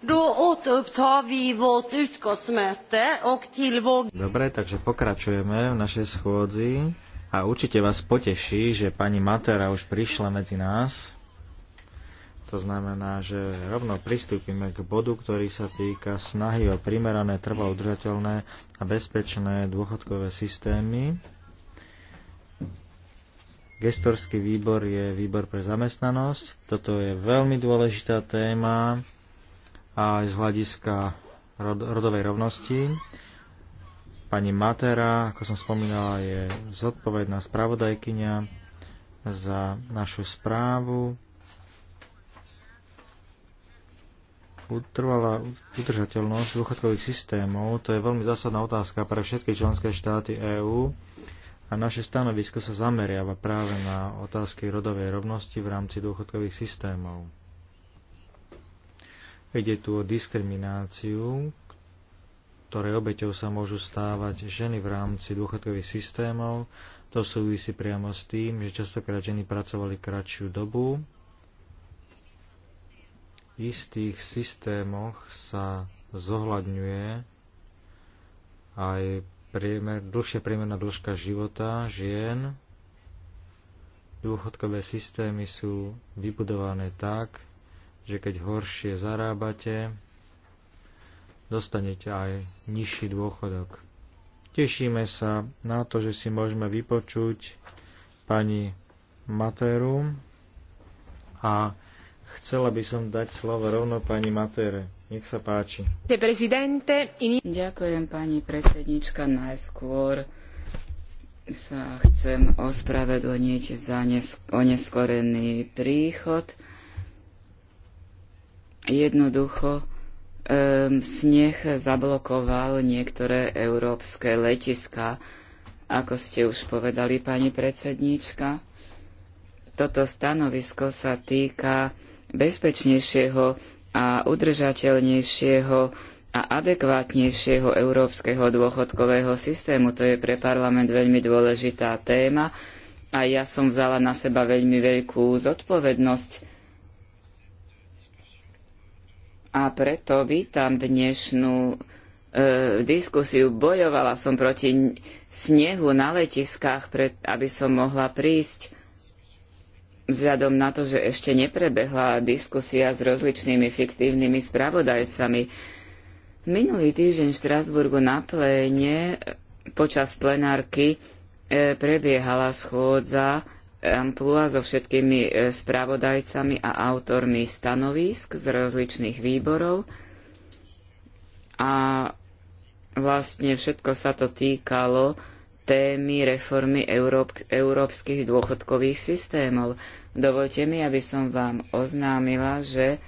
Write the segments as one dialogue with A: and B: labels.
A: Dobre,
B: takže pokračujeme v našej schôdzi a určite vás poteší, že pani Matera už prišla medzi nás. To znamená, že rovno pristúpime k bodu, ktorý sa týka snahy o primerané, trvalo udržateľné a bezpečné dôchodkové systémy. Gestorský výbor je výbor pre zamestnanosť. Toto je veľmi dôležitá téma a aj z hľadiska rod, rodovej rovnosti. Pani Matera, ako som spomínala, je zodpovedná spravodajkyňa za našu správu. Utrvala udržateľnosť dôchodkových systémov, to je veľmi zásadná otázka pre všetky členské štáty EÚ a naše stanovisko sa zameriava práve na otázky rodovej rovnosti v rámci dôchodkových systémov. Ide tu o diskrimináciu, ktoré obeťou sa môžu stávať ženy v rámci dôchodkových systémov. To súvisí priamo s tým, že častokrát ženy pracovali kratšiu dobu. V istých systémoch sa zohľadňuje aj priemer, dlhšia priemerná dĺžka života žien. Dôchodkové systémy sú vybudované tak, že keď horšie zarábate, dostanete aj nižší dôchodok. Tešíme sa na to, že si môžeme vypočuť pani Materu a chcela by som dať slovo rovno pani Matere.
C: Nech sa páči. Ďakujem pani predsednička. Najskôr sa chcem ospravedlniť za oneskorený príchod Jednoducho um, sneh zablokoval niektoré európske letiska, ako ste už povedali, pani predsedníčka. Toto stanovisko sa týka bezpečnejšieho a udržateľnejšieho a adekvátnejšieho európskeho dôchodkového systému. To je pre parlament veľmi dôležitá téma a ja som vzala na seba veľmi veľkú zodpovednosť a preto vítam dnešnú e, diskusiu. Bojovala som proti snehu na letiskách, pred, aby som mohla prísť vzhľadom na to, že ešte neprebehla diskusia s rozličnými fiktívnymi spravodajcami. Minulý týždeň v Štrasburgu na pléne e, počas plenárky e, prebiehala schôdza amplua so všetkými e, spravodajcami a autormi stanovisk z rozličných výborov a vlastne všetko sa to týkalo témy reformy európ- európskych dôchodkových systémov. Dovolte mi, aby som vám oznámila, že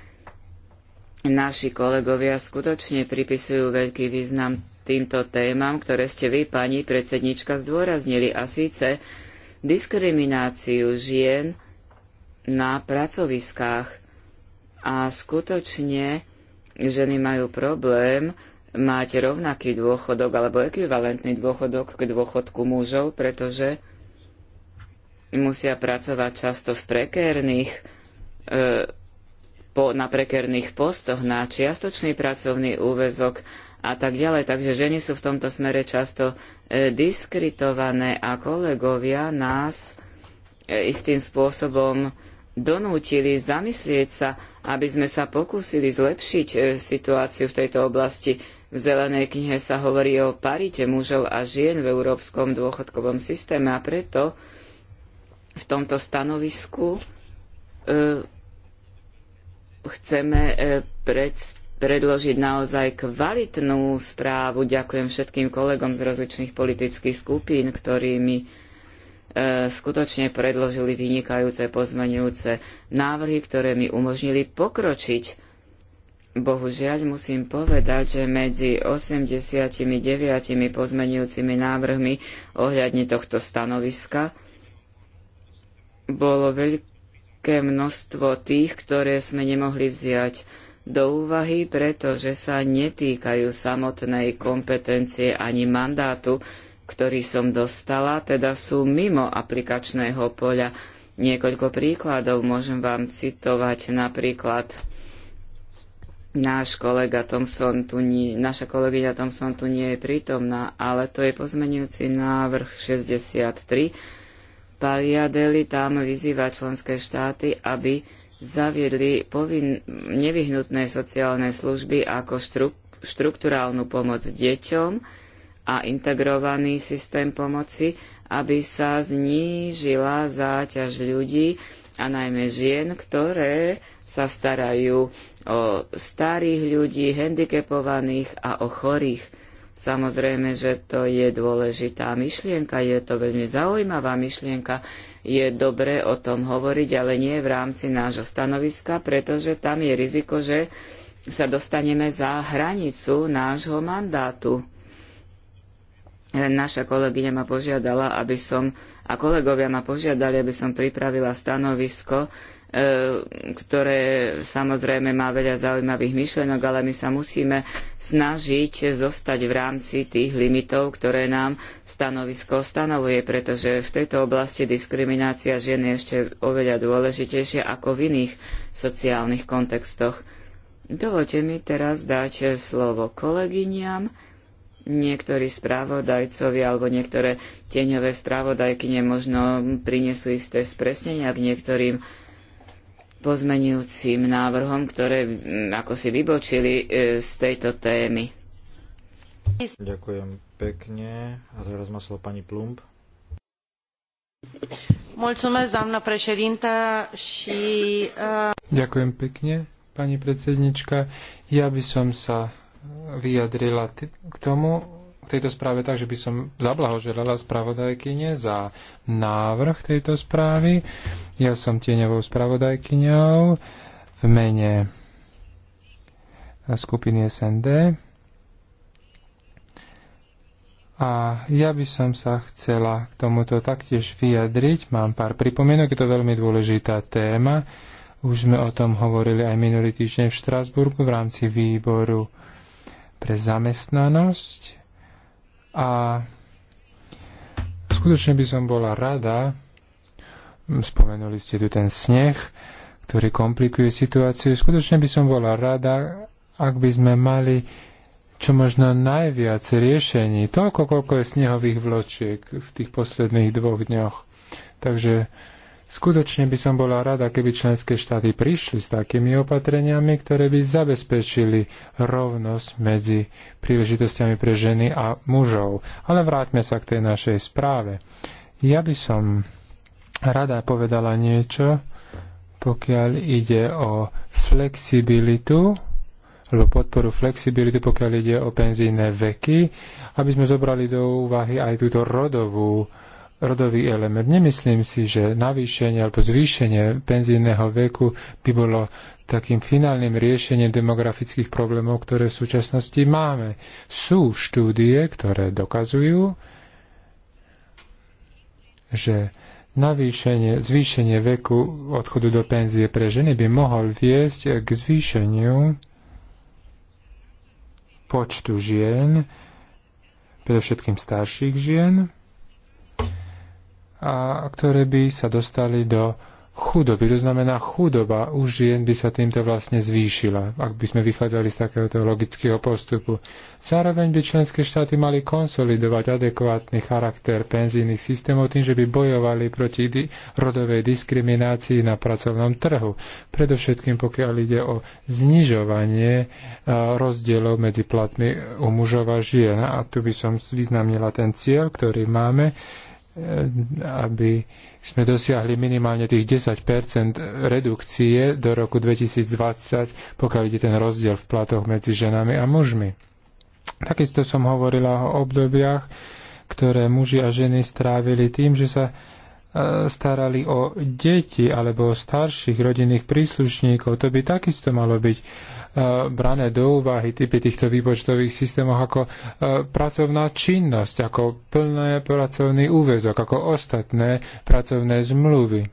C: naši kolegovia skutočne pripisujú veľký význam týmto témam, ktoré ste vy, pani predsednička, zdôraznili. A síce diskrimináciu žien na pracoviskách. A skutočne ženy majú problém mať rovnaký dôchodok alebo ekvivalentný dôchodok k dôchodku mužov, pretože musia pracovať často v prekérnych e, po, na prekerných postoch, na čiastočný pracovný úväzok a tak ďalej. Takže ženy sú v tomto smere často e, diskritované a kolegovia nás e, istým spôsobom donútili zamyslieť sa, aby sme sa pokúsili zlepšiť e, situáciu v tejto oblasti. V zelenej knihe sa hovorí o parite mužov a žien v európskom dôchodkovom systéme a preto v tomto stanovisku e, chceme e, predložiť naozaj kvalitnú správu. Ďakujem všetkým kolegom z rozličných politických skupín, ktorí mi e, skutočne predložili vynikajúce pozmenujúce návrhy, ktoré mi umožnili pokročiť. Bohužiaľ musím povedať, že medzi 89 pozmeňujúcimi návrhmi ohľadne tohto stanoviska bolo veľké veľké množstvo tých, ktoré sme nemohli vziať do úvahy, pretože sa netýkajú samotnej kompetencie ani mandátu, ktorý som dostala, teda sú mimo aplikačného poľa. Niekoľko príkladov môžem vám citovať, napríklad náš kolega Thompson tu nie, naša kolegyňa Thompson tu nie je prítomná, ale to je pozmenujúci návrh 63, Paliadeli tam vyzýva členské štáty, aby zaviedli povin- nevyhnutné sociálne služby ako štru- štrukturálnu pomoc deťom a integrovaný systém pomoci, aby sa znížila záťaž ľudí a najmä žien, ktoré sa starajú o starých ľudí, handicapovaných a o chorých Samozrejme, že to je dôležitá myšlienka, je to veľmi zaujímavá myšlienka, je dobré o tom hovoriť, ale nie v rámci nášho stanoviska, pretože tam je riziko, že sa dostaneme za hranicu nášho mandátu. Naša kolegyňa ma požiadala, aby som, a kolegovia ma požiadali, aby som pripravila stanovisko E, ktoré samozrejme má veľa zaujímavých myšlienok, ale my sa musíme snažiť zostať v rámci tých limitov, ktoré nám stanovisko stanovuje, pretože v tejto oblasti diskriminácia žien je ešte oveľa dôležitejšia ako v iných sociálnych kontextoch. Dovolte mi teraz dať slovo kolegyniam. Niektorí správodajcovia alebo niektoré tieňové správodajky možno prinesú isté spresnenia k niektorým pozmenujúcim návrhom, ktoré mm, ako si vybočili e, z tejto témy.
B: Ďakujem pekne. A teraz má slovo pani Plumb.
A: E, Ďakujem pekne, pani predsednička. Ja by som sa vyjadrila k tomu, k tejto správe tak, že by som zablahoželala spravodajkyne za návrh tejto správy. Ja som tieňovou spravodajkyňou v mene skupiny SND. A ja by som sa chcela k tomuto taktiež vyjadriť. Mám pár pripomienok, je to veľmi dôležitá téma. Už sme o tom hovorili aj minulý týždeň v Štrásburgu v rámci výboru pre zamestnanosť a skutočne by som bola rada, spomenuli ste tu ten sneh, ktorý komplikuje situáciu, skutočne by som bola rada, ak by sme mali čo možno najviac riešení, toľko, koľko je snehových vločiek v tých posledných dvoch dňoch. Takže Skutočne by som bola rada, keby členské štáty prišli s takými opatreniami, ktoré by zabezpečili rovnosť medzi príležitostiami pre ženy a mužov. Ale vráťme sa k tej našej správe. Ja by som rada povedala niečo, pokiaľ ide o flexibilitu, alebo podporu flexibility, pokiaľ ide o penzíne veky, aby sme zobrali do úvahy aj túto rodovú uh, rodový element. Nemyslím si, že navýšenie alebo zvýšenie penzijného veku by bolo takým finálnym riešením demografických problémov, ktoré v súčasnosti máme. Sú štúdie, ktoré dokazujú, že navýšenie, zvýšenie veku odchodu do penzie pre ženy by mohol viesť k zvýšeniu počtu žien, predovšetkým starších žien, a ktoré by sa dostali do chudoby. To znamená, chudoba u žien by sa týmto vlastne zvýšila, ak by sme vychádzali z takéhoto logického postupu. Zároveň by členské štáty mali konsolidovať adekvátny charakter penzijných systémov tým, že by bojovali proti di- rodovej diskriminácii na pracovnom trhu. Predovšetkým pokiaľ ide o znižovanie e, rozdielov medzi platmi u mužov a žien. A tu by som významnila ten cieľ, ktorý máme, Eh, aby sme dosiahli minimálne tých 10 redukcie do roku 2020, pokiaľ ide ten rozdiel v platoch medzi ženami a mužmi. Takisto som hovorila o obdobiach, ktoré muži a ženy strávili tým, že sa E, starali o deti alebo o starších rodinných príslušníkov. To by takisto malo byť e, brané do úvahy typy týchto výpočtových systémov ako e, pracovná činnosť, ako plné pracovný úvezok, ako ostatné pracovné zmluvy.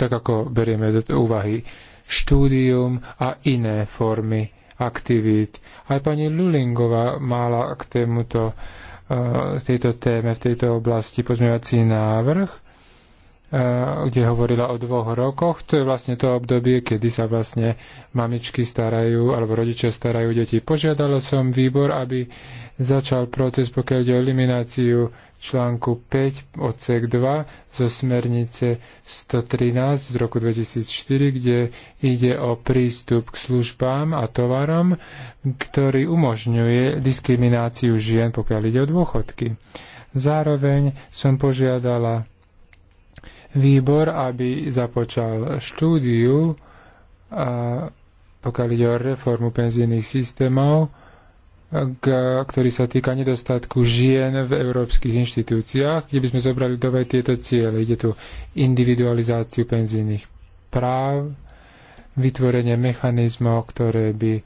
A: Tak ako berieme do úvahy štúdium a iné formy aktivít. Aj pani Lulingová mala k tomuto Eh, v tejto téme v tejto oblasti pozmeňovací návrh kde hovorila o dvoch rokoch. To je vlastne to obdobie, kedy sa vlastne mamičky starajú alebo rodičia starajú deti. Požiadala som výbor, aby začal proces, pokiaľ ide o elimináciu článku 5 odsek 2 zo smernice 113 z roku 2004, kde ide o prístup k službám a tovarom, ktorý umožňuje diskrimináciu žien, pokiaľ ide o dôchodky. Zároveň som požiadala výbor, aby započal štúdiu, a pokiaľ ide o reformu penzijných systémov, k, ktorý sa týka nedostatku žien v európskych inštitúciách, kde by sme zobrali do tieto ciele. Ide tu individualizáciu penzijných práv, vytvorenie mechanizmov, ktoré by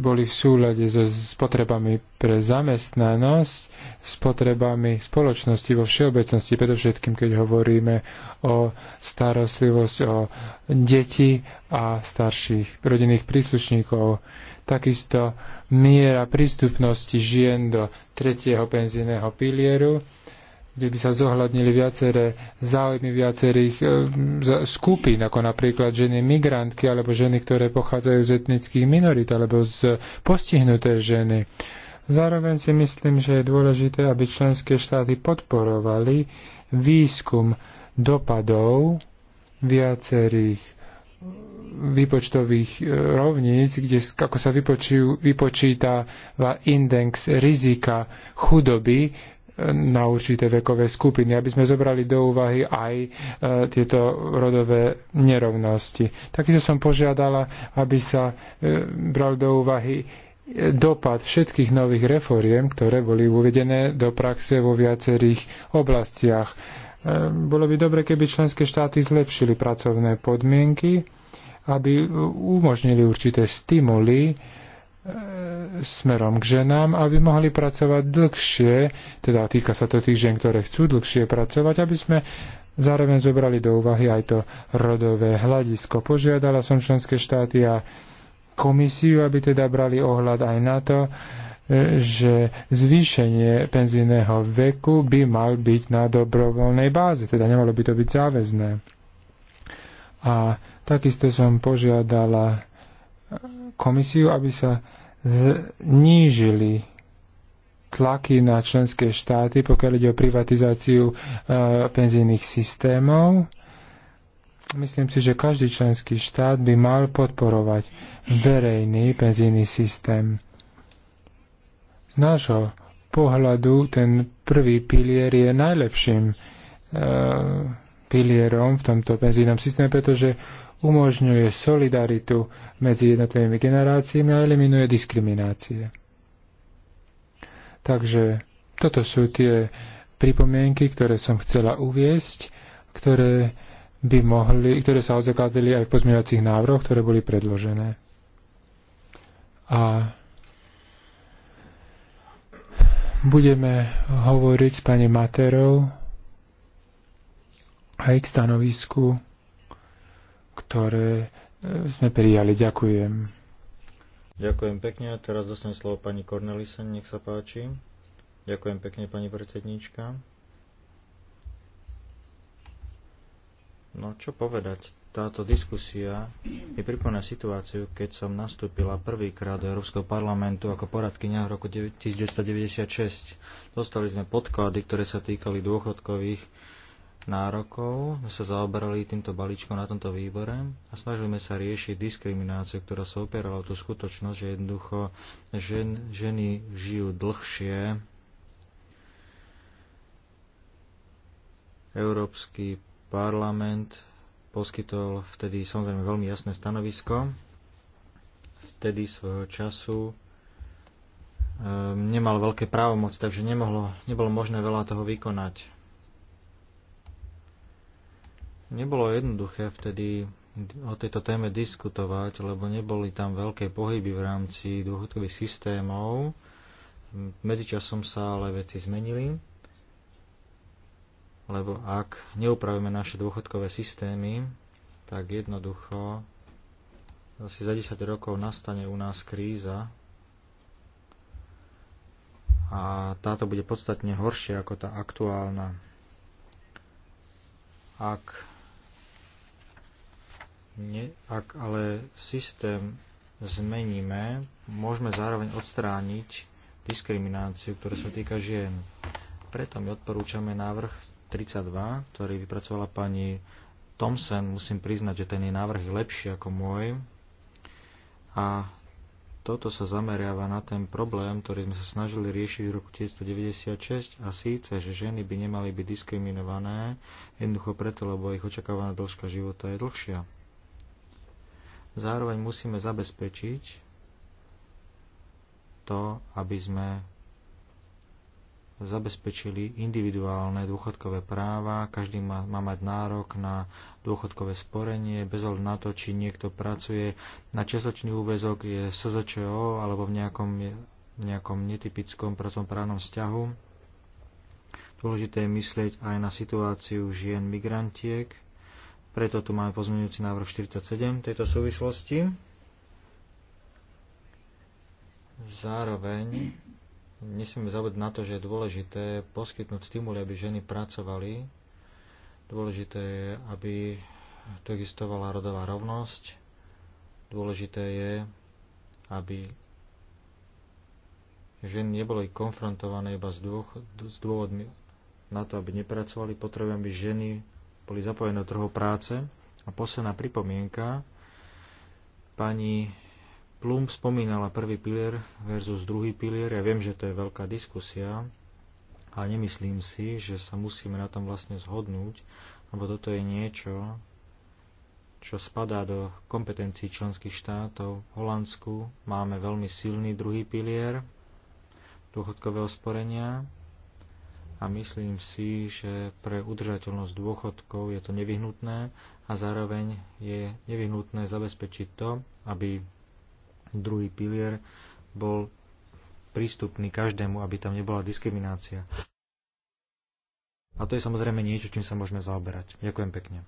A: boli v súlade so potrebami pre zamestnanosť, s potrebami spoločnosti vo všeobecnosti, predovšetkým keď hovoríme o starostlivosť o deti a starších rodinných príslušníkov. Takisto miera prístupnosti žien do tretieho penzijného pilieru kde by sa zohľadnili viaceré záujmy viacerých e, skupín, ako napríklad ženy migrantky alebo ženy, ktoré pochádzajú z etnických minorít alebo z postihnuté ženy. Zároveň si myslím, že je dôležité, aby členské štáty podporovali výskum dopadov viacerých výpočtových eh, rovníc, kde, ako sa vypočíta index rizika chudoby na určité vekové skupiny, aby sme zobrali do úvahy aj e, tieto rodové nerovnosti. Takisto som požiadala, aby sa e, bral do úvahy e, dopad všetkých nových reforiem, ktoré boli uvedené do praxe vo viacerých oblastiach. E, bolo by dobre, keby členské štáty zlepšili pracovné podmienky, aby umožnili určité stimuly, E, smerom k ženám, aby mohli pracovať dlhšie, teda týka sa to tých žen, ktoré chcú dlhšie pracovať, aby sme zároveň zobrali do úvahy aj to rodové hľadisko. Požiadala som členské štáty a komisiu, aby teda brali ohľad aj na to, e, že zvýšenie penzijného veku by mal byť na dobrovoľnej báze, teda nemalo by to byť záväzné. A takisto som požiadala komisiu, aby sa znížili tlaky na členské štáty, pokiaľ ide o privatizáciu e, penzijných systémov. Myslím si, že každý členský štát by mal podporovať verejný penzijný systém. Z nášho pohľadu ten prvý pilier je najlepším e, pilierom v tomto penzijnom systéme, pretože umožňuje solidaritu medzi jednotlivými generáciami a eliminuje diskriminácie. Takže toto sú tie pripomienky, ktoré som chcela uviesť, ktoré by mohli, ktoré sa odzakladili aj v pozmeňovacích návrhoch, ktoré boli predložené. A budeme hovoriť s pani Materou aj k stanovisku ktoré e, sme prijali. Ďakujem.
B: Ďakujem pekne. Teraz dostanem slovo pani Cornelisen, nech sa páči. Ďakujem pekne, pani predsedníčka. No čo povedať, táto diskusia mi pripomína situáciu, keď som nastúpila prvýkrát do Európskeho parlamentu ako poradkynia v roku 1996. Dostali sme podklady, ktoré sa týkali dôchodkových nárokov sa zaoberali týmto balíčkom na tomto výbore a snažíme sa riešiť diskrimináciu, ktorá sa opierala o tú skutočnosť, že jednoducho žen, ženy žijú dlhšie. Európsky parlament poskytol vtedy samozrejme veľmi jasné stanovisko. Vtedy svojho času ehm, nemal veľké právomoc, takže nemohlo, nebolo možné veľa toho vykonať. Nebolo jednoduché vtedy o tejto téme diskutovať, lebo neboli tam veľké pohyby v rámci dôchodkových systémov. Medzičasom sa ale veci zmenili, lebo ak neupravíme naše dôchodkové systémy, tak jednoducho asi za 10 rokov nastane u nás kríza a táto bude podstatne horšia ako tá aktuálna. Ak Ne, ak ale systém zmeníme, môžeme zároveň odstrániť diskrimináciu, ktorá sa týka žien. Preto my odporúčame návrh 32, ktorý vypracovala pani Thomsen. Musím priznať, že ten jej návrh je lepší ako môj. A toto sa zameriava na ten problém, ktorý sme sa snažili riešiť v roku 1996 a síce, že ženy by nemali byť diskriminované jednoducho preto, lebo ich očakávaná dĺžka života je dlhšia. Zároveň musíme zabezpečiť to, aby sme zabezpečili individuálne dôchodkové práva. Každý má, má mať nárok na dôchodkové sporenie, bez ohľadu na to, či niekto pracuje na čestočný úvezok, je SZČO alebo v nejakom, nejakom netypickom pracovnom právnom vzťahu. Dôležité je myslieť aj na situáciu žien migrantiek, preto tu máme pozmeňujúci návrh 47 tejto súvislosti. Zároveň nesmieme zabudnúť na to, že je dôležité poskytnúť stimuly, aby ženy pracovali. Dôležité je, aby tu existovala rodová rovnosť. Dôležité je, aby ženy neboli konfrontované iba s, dôvodmi na to, aby nepracovali. Potrebujem, aby ženy boli zapojené do trhu práce. A posledná pripomienka, pani Plum spomínala prvý pilier versus druhý pilier. Ja viem, že to je veľká diskusia, ale nemyslím si, že sa musíme na tom vlastne zhodnúť, lebo toto je niečo, čo spadá do kompetencií členských štátov. V Holandsku máme veľmi silný druhý pilier dôchodkového sporenia, a myslím si, že pre udržateľnosť dôchodkov je to nevyhnutné a zároveň je nevyhnutné zabezpečiť to, aby druhý pilier bol prístupný každému, aby tam nebola diskriminácia. A to je samozrejme niečo, čím sa môžeme zaoberať. Ďakujem pekne.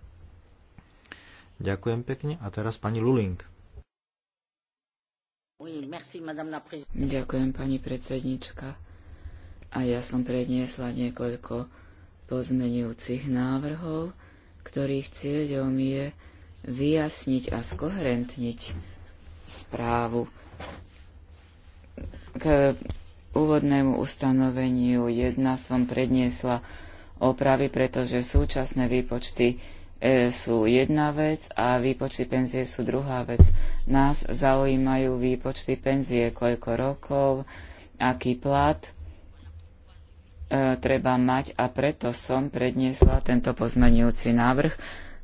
B: Ďakujem pekne. A teraz pani Luling.
C: Ďakujem, pani predsednička a ja som predniesla niekoľko pozmenujúcich návrhov, ktorých cieľom je vyjasniť a skoherentniť správu. K úvodnému ustanoveniu jedna som predniesla opravy, pretože súčasné výpočty e, sú jedna vec a výpočty penzie sú druhá vec. Nás zaujímajú výpočty penzie, koľko rokov, aký plat treba mať a preto som predniesla tento pozmenujúci návrh,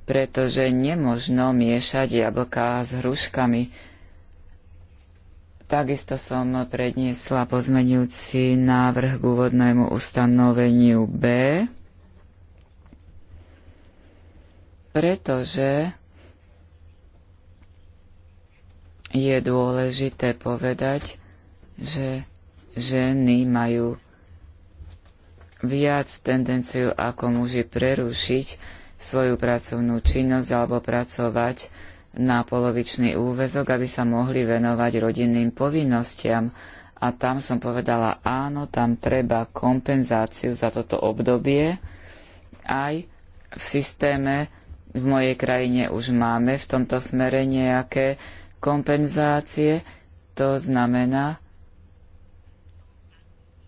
C: pretože nemožno miešať jablká s hruškami. Takisto som predniesla pozmenujúci návrh k úvodnému ustanoveniu B, pretože je dôležité povedať, že ženy majú viac tendenciu ako muži prerušiť svoju pracovnú činnosť alebo pracovať na polovičný úvezok, aby sa mohli venovať rodinným povinnostiam. A tam som povedala, áno, tam treba kompenzáciu za toto obdobie. Aj v systéme v mojej krajine už máme v tomto smere nejaké kompenzácie. To znamená,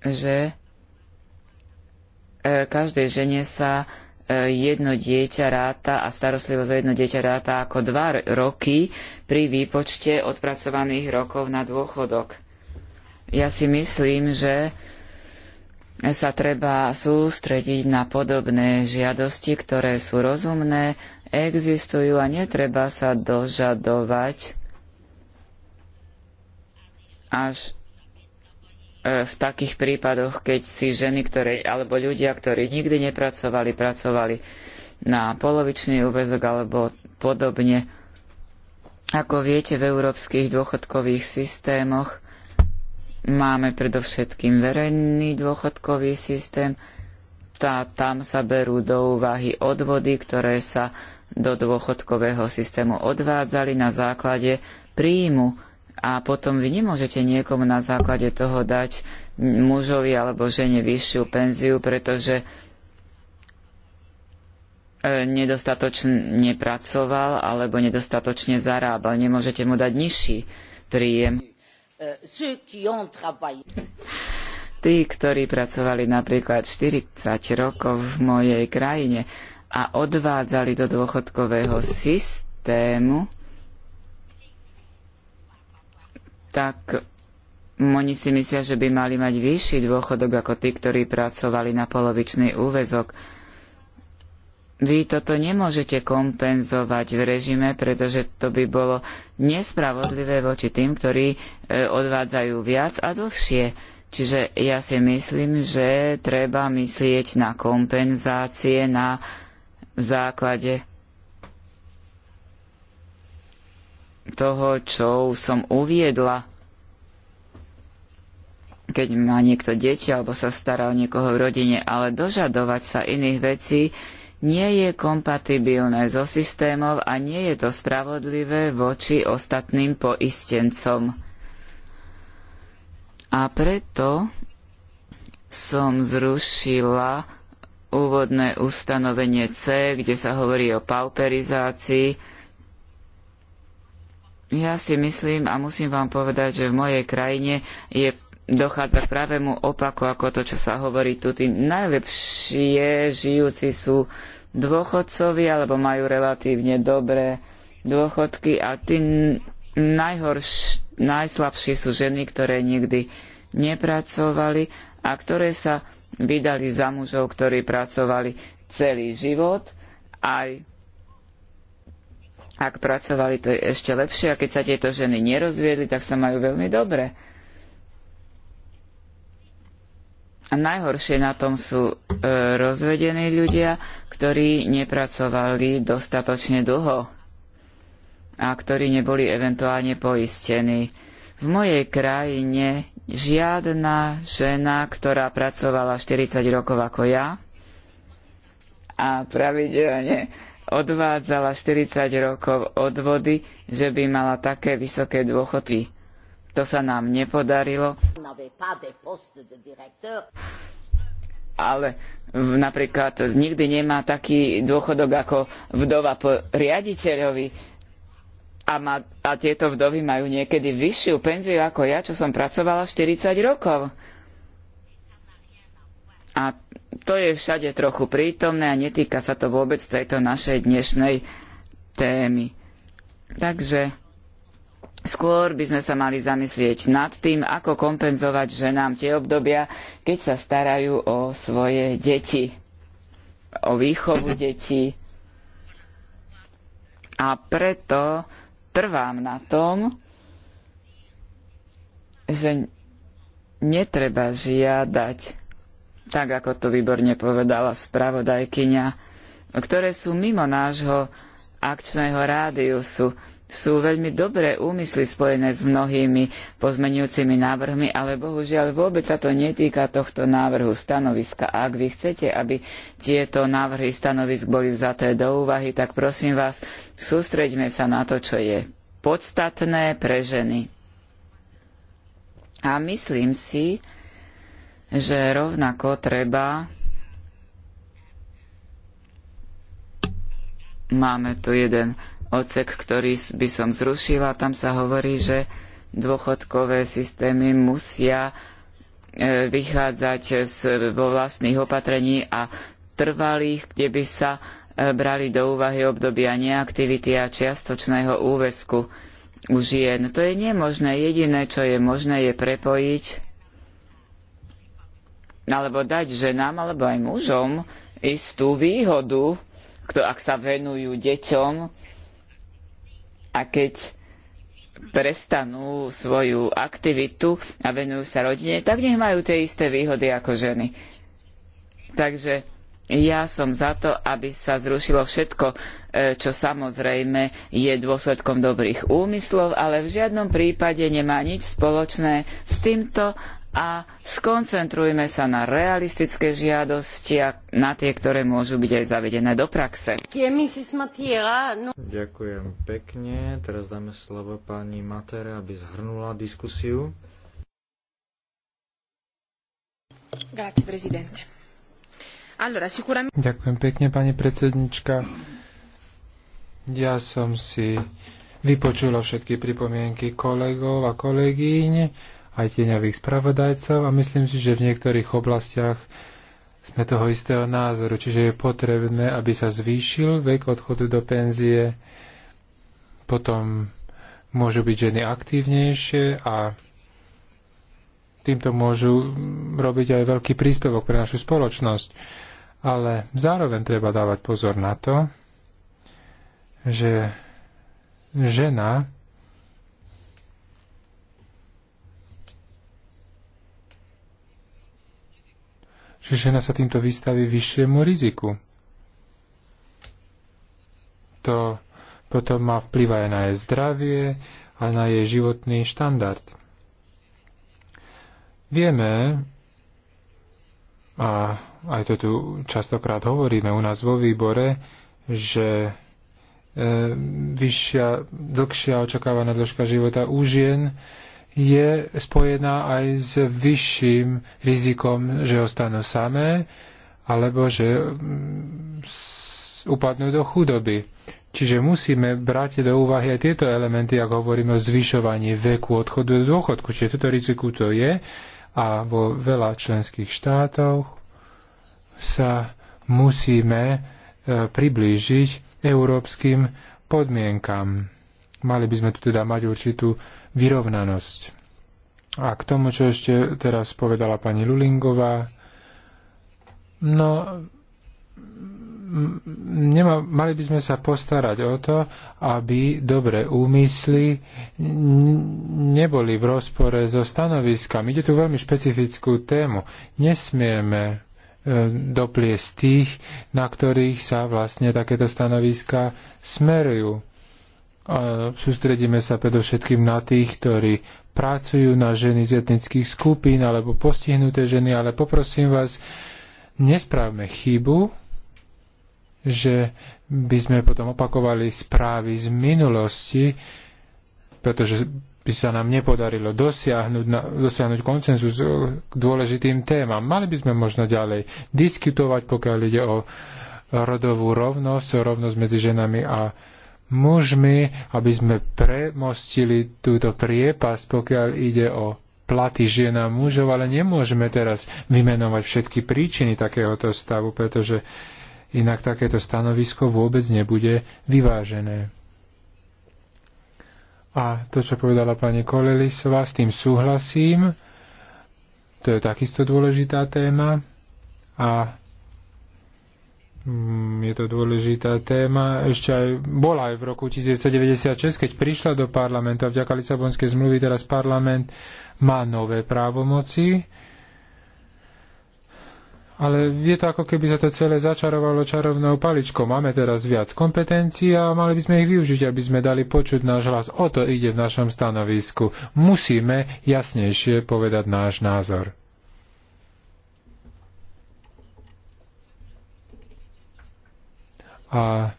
C: že E, každej žene sa e, jedno dieťa ráta a starostlivosť o jedno dieťa ráta ako dva roky pri výpočte odpracovaných rokov na dôchodok. Ja si myslím, že sa treba sústrediť na podobné žiadosti, ktoré sú rozumné, existujú a netreba sa dožadovať až v takých prípadoch, keď si ženy, ktoré, alebo ľudia, ktorí nikdy nepracovali, pracovali na polovičný úvezok alebo podobne. Ako viete, v európskych dôchodkových systémoch máme predovšetkým verejný dôchodkový systém, tá, tam sa berú do úvahy odvody, ktoré sa do dôchodkového systému odvádzali na základe príjmu a potom vy nemôžete niekomu na základe toho dať mužovi alebo žene vyššiu penziu, pretože e, nedostatočne pracoval alebo nedostatočne zarábal. Nemôžete mu dať nižší príjem. E, Tí, ktorí pracovali napríklad 40 rokov v mojej krajine a odvádzali do dôchodkového systému, tak oni si myslia, že by mali mať vyšší dôchodok ako tí, ktorí pracovali na polovičný úvezok. Vy toto nemôžete kompenzovať v režime, pretože to by bolo nespravodlivé voči tým, ktorí e, odvádzajú viac a dlhšie. Čiže ja si myslím, že treba myslieť na kompenzácie na základe toho, čo som uviedla keď má niekto dieťa alebo sa stará o niekoho v rodine, ale dožadovať sa iných vecí nie je kompatibilné so systémom a nie je to spravodlivé voči ostatným poistencom. A preto som zrušila úvodné ustanovenie C, kde sa hovorí o pauperizácii. Ja si myslím a musím vám povedať, že v mojej krajine je dochádza k pravému opaku ako to, čo sa hovorí tu. Tí najlepšie žijúci sú dôchodcovi alebo majú relatívne dobré dôchodky a tí najhorš, najslabší sú ženy, ktoré nikdy nepracovali a ktoré sa vydali za mužov, ktorí pracovali celý život, aj ak pracovali, to je ešte lepšie a keď sa tieto ženy nerozviedli, tak sa majú veľmi dobre. Najhoršie na tom sú e, rozvedení ľudia, ktorí nepracovali dostatočne dlho a ktorí neboli eventuálne poistení. V mojej krajine žiadna žena, ktorá pracovala 40 rokov ako ja a pravidelne odvádzala 40 rokov odvody, že by mala také vysoké dôchodky. To sa nám nepodarilo. Ale napríklad nikdy nemá taký dôchodok ako vdova po riaditeľovi. A, a tieto vdovy majú niekedy vyššiu penziu ako ja, čo som pracovala 40 rokov. A to je všade trochu prítomné a netýka sa to vôbec tejto našej dnešnej témy. Takže Skôr by sme sa mali zamyslieť nad tým, ako kompenzovať ženám tie obdobia, keď sa starajú o svoje deti, o výchovu detí. A preto trvám na tom, že netreba žiadať, tak ako to výborne povedala spravodajkyňa, ktoré sú mimo nášho akčného rádiusu sú veľmi dobré úmysly spojené s mnohými pozmenujúcimi návrhmi, ale bohužiaľ vôbec sa to netýka tohto návrhu stanoviska. A ak vy chcete, aby tieto návrhy stanovisk boli vzaté do úvahy, tak prosím vás, sústreďme sa na to, čo je podstatné pre ženy. A myslím si, že rovnako treba Máme tu jeden odsek, ktorý by som zrušila. Tam sa hovorí, že dôchodkové systémy musia e, vychádzať z, vo vlastných opatrení a trvalých, kde by sa e, brali do úvahy obdobia neaktivity a čiastočného úväzku u žien. To je nemožné. Jediné, čo je možné, je prepojiť alebo dať ženám alebo aj mužom istú výhodu, ak sa venujú deťom, a keď prestanú svoju aktivitu a venujú sa rodine, tak nech majú tie isté výhody ako ženy. Takže ja som za to, aby sa zrušilo všetko, e, čo samozrejme je dôsledkom dobrých úmyslov, ale v žiadnom prípade nemá nič spoločné s týmto a skoncentrujme sa na realistické žiadosti a na tie, ktoré môžu byť aj zavedené do praxe.
B: Ďakujem pekne. Teraz dáme slovo pani Matere, aby zhrnula diskusiu.
C: Grazie, allora, sicuramente...
A: Ďakujem pekne, pani predsednička. Ja som si vypočula všetky pripomienky kolegov a kolegyň aj tieňavých spravodajcov a myslím si, že v niektorých oblastiach sme toho istého názoru, čiže je potrebné, aby sa zvýšil vek odchodu do penzie, potom môžu byť ženy aktívnejšie a týmto môžu robiť aj veľký príspevok pre našu spoločnosť. Ale zároveň treba dávať pozor na to, že žena že žena sa týmto vystaví vyššiemu riziku. To potom má vplyv aj na jej zdravie a na jej životný štandard. Vieme, a aj to tu častokrát hovoríme u nás vo výbore, že e, vyššia, dlhšia očakávaná dĺžka života u žien je spojená aj s vyšším rizikom, že ostanú samé alebo že mm, upadnú do chudoby. Čiže musíme brať do úvahy aj tieto elementy, ak hovoríme o zvyšovaní veku odchodu do dôchodku. Čiže toto riziku to je a vo veľa členských štátov sa musíme e, priblížiť európskym podmienkam. Mali by sme tu teda mať určitú vyrovnanosť. A k tomu, čo ešte teraz povedala pani Lulingová, no nema, mali by sme sa postarať o to, aby dobré úmysly neboli v rozpore so stanoviskami. Ide tu veľmi špecifickú tému. Nesmieme e, dopliesť tých, na ktorých sa vlastne takéto stanoviska smerujú. Sústredíme sa predovšetkým na tých, ktorí pracujú na ženy z etnických skupín alebo postihnuté ženy, ale poprosím vás, nesprávme chybu, že by sme potom opakovali správy z minulosti, pretože by sa nám nepodarilo dosiahnuť, na, dosiahnuť koncenzus k dôležitým témam. Mali by sme možno ďalej diskutovať, pokiaľ ide o rodovú rovnosť, o rovnosť medzi ženami a mužmi, aby sme premostili túto priepas, pokiaľ ide o platy žien a mužov, ale nemôžeme teraz vymenovať všetky príčiny takéhoto stavu, pretože inak takéto stanovisko vôbec nebude vyvážené. A to, čo povedala pani Kolelisová, s tým súhlasím. To je takisto dôležitá téma. A Mm, je to dôležitá téma. Ešte aj bola aj v roku 1996, keď prišla do parlamentu a vďaka Lisabonskej zmluvy teraz parlament má nové právomoci. Ale je to ako keby sa to celé začarovalo čarovnou paličkou. Máme teraz viac kompetencií a mali by sme ich využiť, aby sme dali počuť náš hlas. O to ide v našom stanovisku. Musíme jasnejšie povedať náš názor. a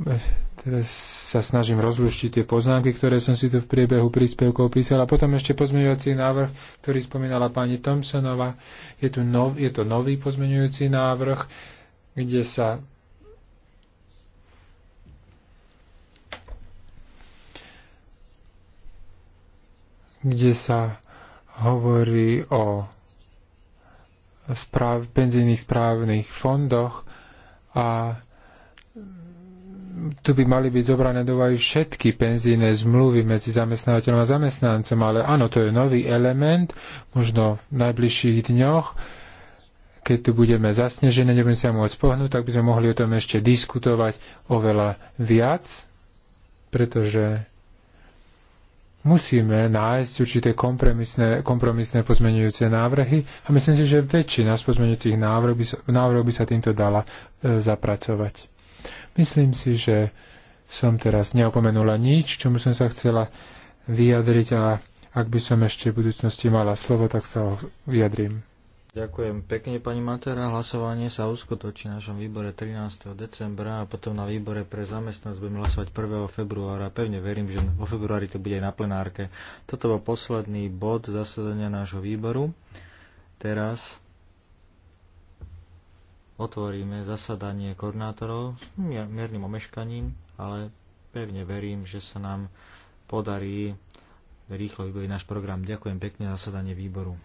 A: e, teraz sa snažím rozluštiť tie poznámky, ktoré som si tu v priebehu príspevkov písal. A potom ešte pozmeňujúci návrh, ktorý spomínala pani Thompsonova. Je, tu nov, je to nový pozmeňujúci návrh, kde sa kde sa hovorí o správ, penzijných správnych fondoch a tu by mali byť zobrané do úvahy všetky penzíne zmluvy medzi zamestnávateľom a zamestnancom, ale áno, to je nový element, možno v najbližších dňoch, keď tu budeme zasnežené, nebudeme sa môcť pohnúť, tak by sme mohli o tom ešte diskutovať oveľa viac, pretože musíme nájsť určité kompromisné, kompromisné pozmenujúce návrhy a myslím si, že väčšina z pozmenujúcich návrhov by, sa, by sa týmto dala e, zapracovať. Myslím si, že som teraz neopomenula nič, čomu som sa chcela vyjadriť a ak by som ešte v budúcnosti mala slovo, tak sa ho vyjadrím.
B: Ďakujem pekne, pani Matera. Hlasovanie sa uskutočí v našom výbore 13. decembra a potom na výbore pre zamestnanosť budeme hlasovať 1. februára. Pevne verím, že vo februári to bude aj na plenárke. Toto bol posledný bod zasadania nášho výboru. Teraz otvoríme zasadanie koordinátorov s miernym omeškaním, ale pevne verím, že sa nám podarí rýchlo vybaviť náš program. Ďakujem pekne za zasadanie výboru.